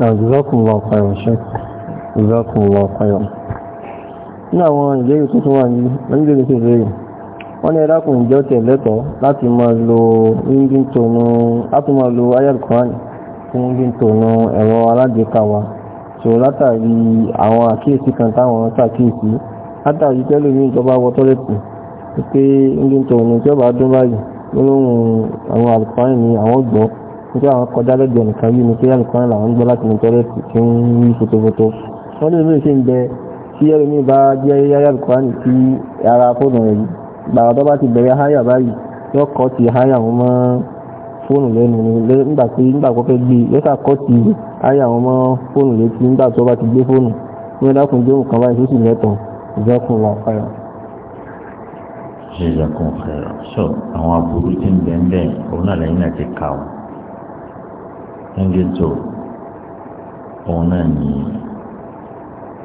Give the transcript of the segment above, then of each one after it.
جزاكم الله خيرا شك جزاكم الله خيرا ní àwọn ìbéèrè tó tún wà ní oníbèrè tó béèrè wọ́n ní ẹ̀dákùn lo ingintonu fún ingintonu ẹ̀rọ alágbèéká wa so látàrí àwọn àkíyèsí kanta táwọn ṣàkíyèsí látàrí tẹ́lẹ̀ ní nítorí àwọn kọjá lẹ́gbẹ̀ẹ́ nìkan yìí ni pé ẹnìkan làwọn ń gbọ́ láti ní tọ́lẹ́tì tí ń yí fotofoto wọ́n ní ìlú ìṣe ń bẹ tí ẹ̀rọ mi bá jẹ́ yáyà kọ́ni sí ara fóònù rẹ̀ gbàrà tó bá ti bẹ̀rẹ̀ háyà báyìí yóò kọ́ ti háyà wọn mọ́ fóònù lẹ́nu ni nígbà tí nígbà kó fẹ́ gbé yóò sà kọ́ ti háyà wọn mọ́ fóònù létí nígbà tó bá ti gbé fóònù ní ọ̀dàkùn jóhùn kan báyìí tó sì lẹ́tọ̀ọ́ ìjọkùn wà fáyà ṣe ìjọkùn fẹ́ràn so àwọn aburú tí ń bẹ́ẹ̀ bẹ́ẹ̀ òun náà lẹ́yìn náà ti kà ó ẹnjẹtọ òun náà ní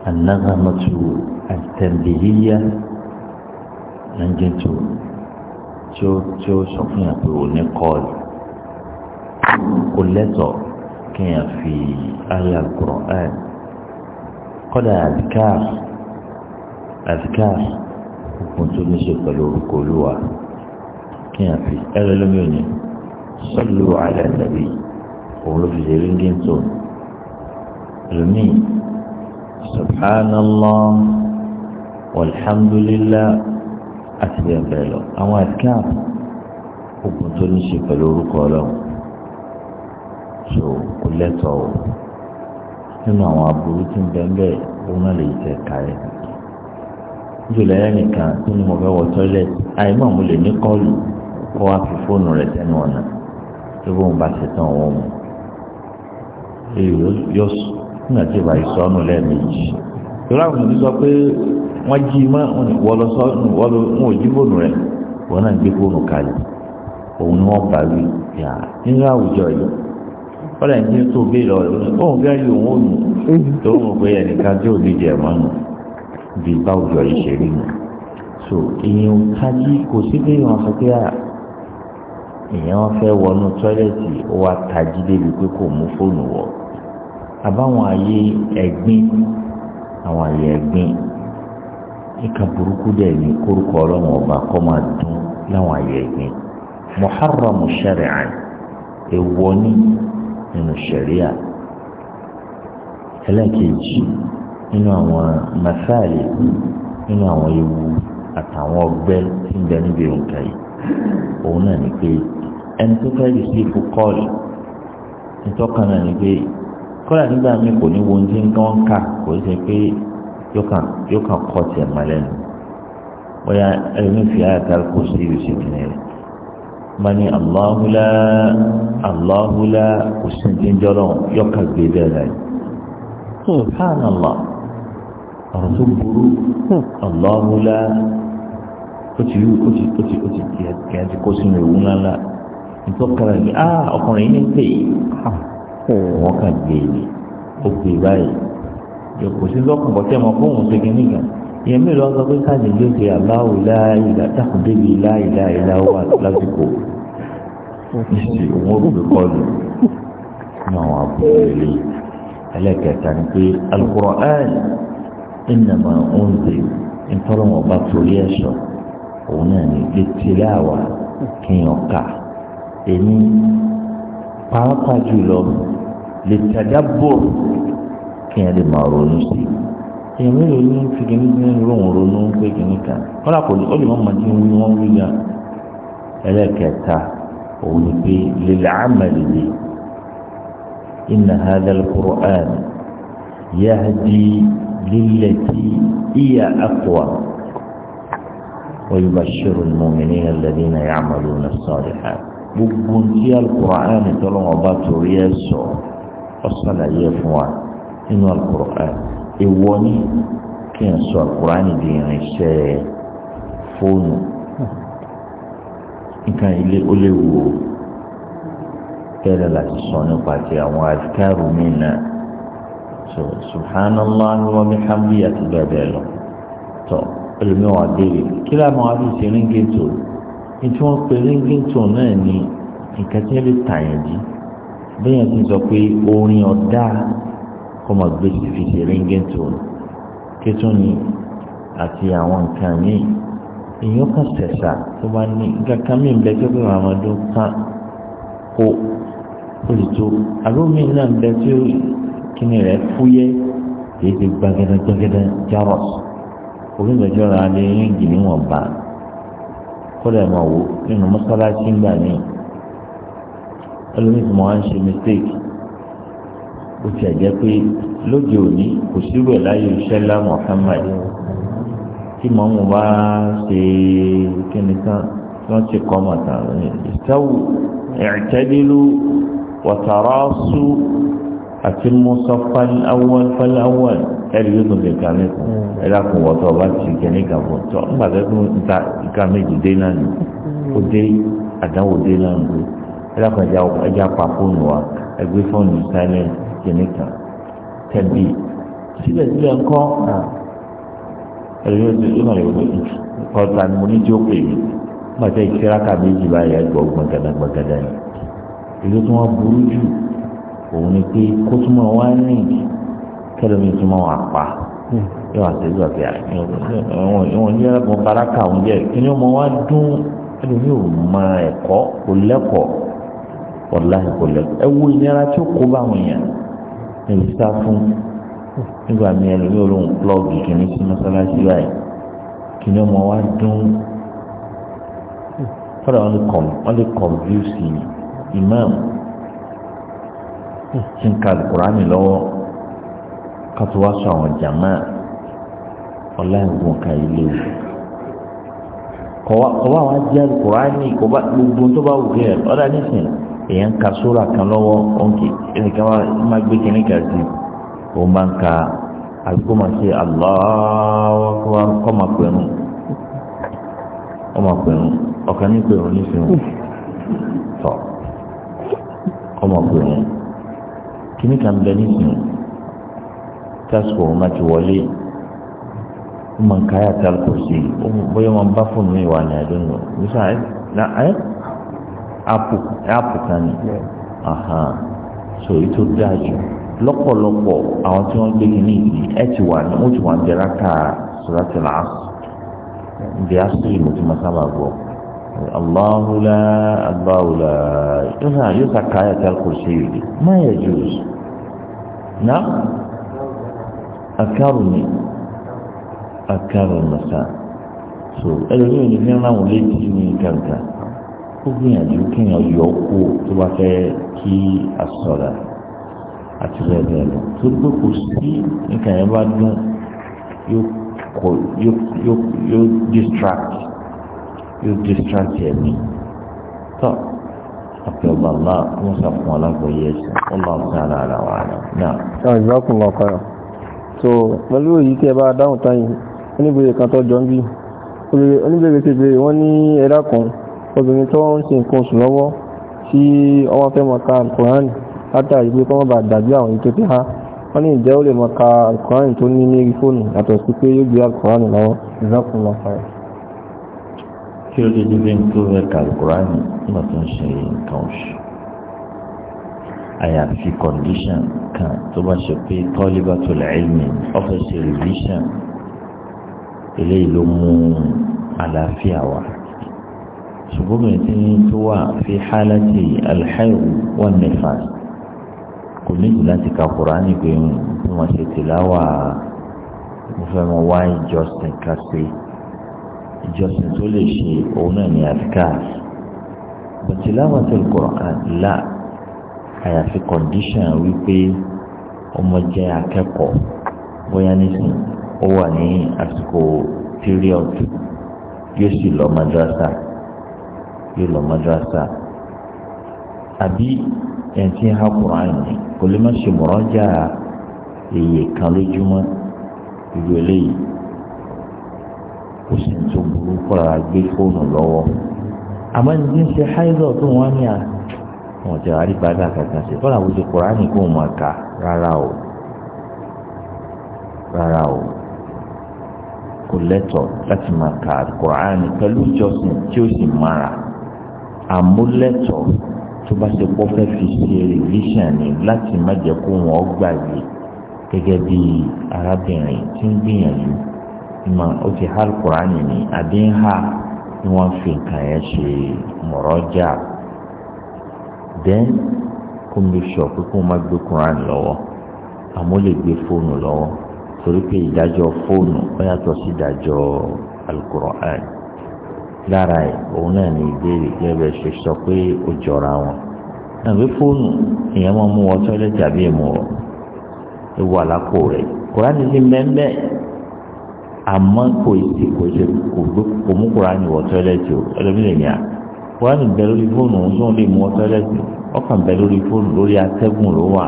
anagamatu àtẹnbìlíyà ẹnjẹtọ tí ó tí ó sọ fún yàn pé òun ní kọ́ọ̀lù kò lẹ́tọ̀ kéèyàn fi ayé àgùrọ̀ ẹ̀ kọ́dà àdìkáà àdìkáà òkun tó ní ṣe pẹ̀lú orúkọ olúwa kéèyàn fi ẹ̀rọ lómi òní sọ́lù alẹ́ nàbí òun ló fi ṣe ringing tone ẹlòmíì subhanallah walhamdulillah àti bẹ́ẹ̀ bẹ́ẹ̀ lọ àwọn àtìká ogun tó ní ṣe pẹ̀lú orúkọ ọlọ́run so kò lẹ́tọ̀ o nínú àwọn aburú tí ń bẹ́ẹ̀ bẹ́ẹ̀ òun náà lè tẹ̀ kárẹ́ jùlọ ẹ̀yà nìkan tí mo fẹ́ wọ tọ́lẹ̀tì àìmọ̀ mo ní kọ́ọ̀lù kó wá fi fóònù rẹ̀ sẹ́nu ọ̀nà tó bóun bá ṣe tán òun mú èyí yóò nígbà tí ìbá ìsọnù lẹ́ẹ̀mejì ìrora àwọn òbí sọ pé wọ́n jí mọ́ wọ́n lọ sọ́nù wọ́n lọ wọ́n ò jí fóònù rẹ̀ wọ́n náà gbé fóònù kalẹ̀ òun ni wọ́n bá wí yà nínú àwùjọ yìí wọ́n lẹ́yìn tí tó bí lọ òun gẹ́rì òun òun tó ń pè é nìkan tí ò ní jẹ mọ́ nù bí bá yìí ṣe rí nù so èèyàn kájí kò sí pé wọ́n sọ pé èèyàn fẹ́ wọnú tọ́lẹ̀tì ó wá tají débi pé kò mú fóònù wọ̀ àbáwọn àyè ẹ̀gbin àwọn àyè ẹ̀gbin ìka burúkú dẹ̀ ní kórúkọ ọlọ́run ọba kọ́ máa dún láwọn àyè ẹ̀gbin muharram shari'an èèwọ̀ ní nínú sharia ẹlẹ́ẹ̀kejì nínú àwọn masáàlì nínú àwọn ewu àtàwọn ọgbẹ́ tí ń bẹ níbi òǹkà yìí òun náà ni pé ẹni tó fẹ́ yìí sí fún kọ́ọ̀lù ìtọ́kànnà ni pé kọ́lá nígbà míì kò ní wo ohun tí ń gán kà kò ṣe pé yóò kàn kọ́ tiẹ̀ mọ́ lẹ́nu bóyá ẹni fi àyàtà kò sí ìrìsì kìnìún rẹ̀ má ní aláhùlá aláhùlá kò sí ti ń jọ́lọ́ yóò kà gbé bẹ́ẹ̀ láyé tó hàn àlá ọ̀rọ̀ tó burú aláhùlá ó ti rí ó ti ó ti ó ti kìí àti kó sínú ewu ńláńlá ìtọ́kara yìí ah ọkùnrin yìí ń pè é kọ̀ wọ́n kà gbé e ó gbé e báyìí kò sí lọ́kùn bọ́ tẹ́ mọ fún òun ṣe kínní kan ìyẹn mi lọ́wọ́ sọ pé káàdì ló ṣe aláwò láìlá dákùn débi láìlá ìlà lásìkò ìṣe òun ò kọ́ lù ní àwọn àbúrò ilé ẹlẹ́kẹ̀ẹ́ta ni pé Al-Qur'an innama unzil ntọ́lọ́wọ́n bá torí ẹ̀ sọ òun náà ní ìtìláwà kínyàn ká èmi pàápàá jùlọ للتدبر kí ẹ lè máa ronú sí i èèyàn mélòó ní fìdíní ní rohùn ronú pé kìíní kan kọ́lá kò ní ó lè má máa dín wí wọ́n wí gan ẹlẹ́kẹta òun ni pé lílẹ̀ àmàlìlẹ̀ iná hádàlùkúrọ̀ àn yáàdì lílẹ̀ tí ìyá àkùwà ويبشر المؤمنين الذين يعملون الصالحات gbogbo tí alukura ẹni tọ́lọ́wọ́ bá torí ẹ̀ sọ̀rọ̀ ọ̀sàlàyé fún wa nínú alukur'an èwo ni kí n sọ alukur'an di irinṣẹ́ fóònù nǹkan ilé ó léwu o bẹ́ẹ̀ láti sọ nípa ti àwọn àdìkárù mi náà so subhanallah wa bihamdi àti bẹ́ẹ̀ bẹ́ẹ̀ lọ tọ́ ẹlòmíràn àgbèrè kí láwọn àbíṣe ríngìntò ní tí wọ́n pe ríngìntò náà ní nǹkan tí wọ́n lè tàyàn jí. bẹ́ẹ̀ ti sọ pé orin ọ̀dá kọ́mọ gbé fìfìsì ríngẹ́ǹtò kétún ni àti àwọn nǹkan míì èèyàn kan sẹ̀sà tó bá ní kankan míì bẹ́ẹ̀ tó pé màmá kan kó olùtò àlómi náà bẹ́ẹ̀ tó kíni rẹ̀ fúyẹ́ kìí ti gbàgẹ́dẹ́gbàgẹ́dẹ́ jarọ̀ onígbàjọ́ ra lè rìn jì níwọ̀nba kó lè máa wò nínú mọ́sálásí ẹlòmíì tí mo wá ń ṣe mistake ó ti àjẹ́ pé lóde òní kò sírò ẹ̀ láyé ìṣẹ́lá Muhammad tí mo ń bá ṣe kíni tán wọ́n ti kọ́ mọ̀ tán ìṣẹ́wù i'tadilu wa tarasu àti musafan awwal fal awwal ẹ̀rí yóò tún lè ka mẹ́kọ̀ọ́ ẹ̀rá kò wọ́tọ̀ ọba ti kẹ́ni kàbọ̀ tọ́ tó ń ta ìka méjì dé náà ni ó dé àdáwò dé náà ni ẹlẹ́kọ̀ọ́ ẹja ẹja pa fóònù wa ẹgbẹ́ fóònù silent jẹ̀míkà tẹ̀bi síbẹ̀síbẹ̀ ńkọ́ ẹ̀rí ojú ìmọ̀ ìwé kọ́ta ni mo ní tí ó pè mí pàṣẹ ìṣẹ́ráka méjì báyìí ẹgbọ́ gbọ̀ngàdà gbọ̀ngàdà yìí èyí tó wọ́n burú jù òun ni pé kó túmọ̀ wá rìn kẹlẹ́mi túmọ̀ wà pa hmm. yóò wá sí ìgbà pé ìwọ̀n ní ẹ̀rọ baraka òun jẹ́ kí ni ó mọ wá dún ẹlòmíì ò mọ ẹ̀kọ́ kò lẹ́kọ̀ọ́ wàláhì kò lẹ ẹ wo ìnira tí ó kó bá àwọn èèyàn ẹ̀rù sá fún nígbà mi ẹlòmíì olóhùn plọ́ọ̀gì kìíní sí mọ́sálásí báyìí kìíní ọmọ wa dún fọdà wọn lè kọ wọn lè kọ view sí imam tí ń ka kùránì lọ́wọ́ ká wá sọ àwọn jàmá ọláìgùn ká ilé wò kọ́wá wa jẹ́ kùránì kọ́wá gbogbo tó bá wù kí ẹ̀ nísìnyí. èèyàn ka sóra kan lọ́wọ́ ònkì ẹnìkan máa gbé kínní kan sí òun máa ń ka máa ṣe aláwọ̀ kọ́ máa pẹ̀rù ọmọ pẹ̀rù ọ̀kan ní pẹ̀rù nísìnyí tọ̀ ọmọ pẹ̀rù kínní kan bẹ tásìkò ti ka sí bóyá bá fóònù Apu, áàpù kan ni so ètò dáa jù lọ́pọ̀lọpọ̀ àwọn tí wọ́n gbé kínní yìí ẹ ti wà ní wọ́n ti wà ní jẹ́ráka sọ́láṣẹ́ làásù bí a sì mo ti máa sábà gbọ́ Allahu la Allahu la yóò sà yóò sà káyà tí a ṣe yìí má yẹ jùs na akaru ni akaru masa so ẹlòmíràn ní fẹ́ràn àwọn létí ní kankan kó gbìyànjú kéèyàn yọ kó tó bá fẹ́ kí àsọ̀rọ̀ àti bẹ́ẹ̀ bẹ́ẹ̀ lọ tó gbé kò sí nǹkan yẹn bá dún yóò distract yóò distract ẹ̀mí tó àpẹ ọba ńlá wọn sàfún alágbóyè ẹsẹ Ọlọ́run sí ara ara wa rẹ náà. ṣáà ìgbàkùn lọ kọrọ so pẹ̀lú èyí tí ẹ bá dáhùn táyìn oníbèrè kan tó jọ ń bí oníbèrè ti bèrè wọ́n ní ẹ̀dá kan obìnrin tó ń ṣe nǹkan oṣù lọ́wọ́ tí ọwọ́ fẹ́ mọ ka alukurani látàrí pé kọ́mọ́ bá dàbí àwọn ètò tí ha wọ́n ní ìjẹ́ ó lè mọ ka alukurani tó ní ní fóònù yàtọ̀ sí pé yóò gbé alukurani lọ́wọ́ ìzákun lọ fà kí ló dé dúdú ní tó fẹ́ ka alukurani nígbà tó ń ṣe nǹkan oṣù àyàfi condition kan tó bá ṣe pé talibatul ilmi ọ́fẹ́sì revision eléyìí ló mú àlàáfíà wá ṣùgbọ́n mi ti tó wà fi hálàtì alḥẹ́wù wọn nífà kò níjì láti ka kuraani pé bí wọ́n ṣe tìláwà mo fẹ́ mọ wá ìjọsìn ká sí ìjọsìn tó lè ṣe òun náà ní àfikáà bàtìláwà tó kùrán là àyàfi kọ̀ǹdíṣàn wípé ọmọ jẹ́ akẹ́kọ̀ọ́ bóyá nísìn ó wà ní àsìkò píríọ̀dù yóò sì lọ madrasa yóò lọ madrasa àbí ẹ̀ǹtí ha kùránì kò lè má ṣe mọ̀rọ́jà èyí kan lójúmọ́ ìlú eléyìí kò sì ń tó burú kọ́ra gbé fóònù lọ́wọ́ àmọ́ ní ti ń ṣe háìzọ̀ tó wọ́n ní à wọ́n ti rárí bá dà kankan sí kọ́ra kò sí kùránì kó o máa rárá o rárá o kò lẹ́tọ̀ọ́ láti máa kà kùránì pẹ̀lú ìjọsìn tí ó sì mára. àmúlẹ̀tọ̀ tó bá ṣe pọ́ fẹ́ fi ṣe revision ni láti má jẹ́ kó wọ́n gbàgbé gẹ́gẹ́ bí arábìnrin tí ń gbìyànjú ìmọ̀ ó ti há kùránì ní àdínhà ni wọ́n fi nǹkan yẹn ṣe mọ̀rọ́jà then kó mi sọ pé kó má gbé lọ́wọ́ gbé fóònù lọ́wọ́ torí pé ìdájọ́ lára ẹ̀ òun náà ní ìbéèrè gẹ́gẹ́ ṣe sọ pé ó jọra wọn fóònù èèyàn máa mú wọ tọ́lẹ̀tì àbí rẹ̀ kùránì mẹ́mẹ́ àmọ́ kò sí kò ṣe kò mú kùránì wọ tọ́lẹ̀tì o ẹlẹ́mìlẹ̀ ní à kùránì bẹ lórí fóònù òun tó ń lè mú wọ tọ́lẹ̀tì ọkàn bẹ lórí fóònù lórí atẹ́gùn ló wà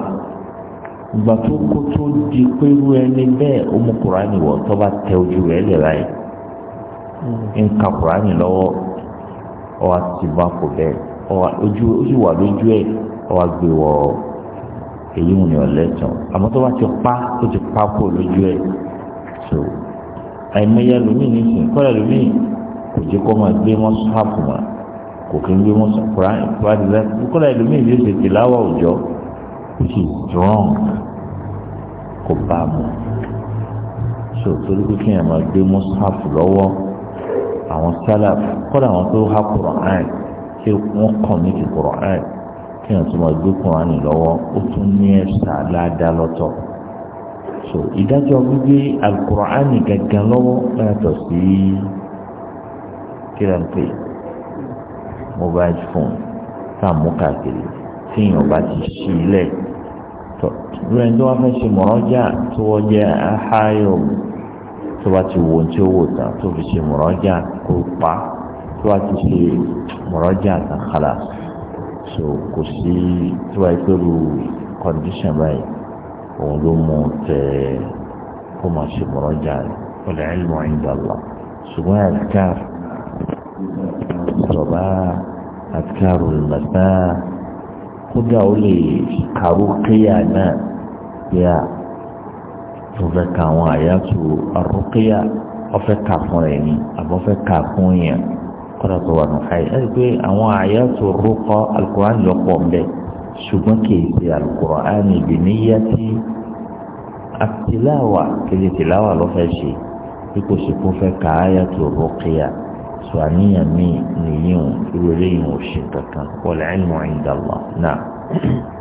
ìgbà tó kó tó di pé irú ẹni bẹ́ẹ̀ ó mú kùránì wọ bá tẹ ojú rẹ̀ ń ka kùránì lọ́wọ́ ọ wa ti bá kò bẹ́ẹ̀ ọ wa ojú ó sì wà lójú ẹ̀ ọ wa gbé wọ èyí wùn ní ọ̀lẹ́tàn àmọ́ tó bá ti pa ó ti pa kò lójú ẹ̀ so àìmọye ẹlòmíì nìsín kọ́lá ẹlòmíì kò jẹ́ kó máa gbé mọ́sáàpù mọ́ kò kí ń gbé mọ́sáàpù kùránì kùránì lẹ́sìn kọ́lá ẹlòmíì yóò ṣe tìláwọ̀ òjọ́ o is wrong kò bá a mọ̀ so torí pé kí n yà máa gbé mọ́sáàpù àwọn sálà kọ́dà àwọn tó há kùrọ̀án ṣé wọ́n kàn ní ti kùrọ̀án kí wọ́n tún máa gbé kùrọ̀án lọ́wọ́ ó tún ní ẹ̀sà ládàá lọ́tọ̀ so ìdájọ́ gbígbé alukùrọ̀án gangan lọ́wọ́ yàtọ̀ sí kílámpé mobile phone tá a mú káàkiri tíyàn bá ti ṣí ilẹ̀ tó rẹ̀ ń tó wá fẹ́ ṣe mọ̀rọ́jà tó wọ́n jẹ́ ahayọ̀ tó bá ti wo tí ó wò tán tó fi ṣe mọ̀rọ́jà kó pa tó bá ti ṣe mọ̀rọ́jà tán kálá so kò sí tó bá yẹ pé lu kọ́ndíṣàn báyìí òun ló mú tẹ kó máa ṣe mọ̀rọ́jà ọ̀lẹ́ ẹ̀lmọ̀ ìdàlá ṣùgbọ́n àtìká sọ̀bá àtìká ròlùmọ̀tà kódà ó lè kàrú kéyà náà yá tó fẹ́ ka àwọn àyàtò arúkíyà ọfẹ́ ka fún rẹ̀ ni àbọ̀fẹ́ ka fún yẹn kọ́dà tó wà nù káyì ẹ̀ pé àwọn àyàtò rúkọ alukur'an lọ́pọ̀ mbẹ́ ṣùgbọ́n kìí ṣe alukur'an ìdí níyà tí àtìláwà kìí tìláwà lọ́fẹ́ ṣe bí kò sì ka àyàtò rúkíyà sọ àníyàn mi nìyí ò irú eléyìí ò ṣe kankan wal ilmu inda Allah náà.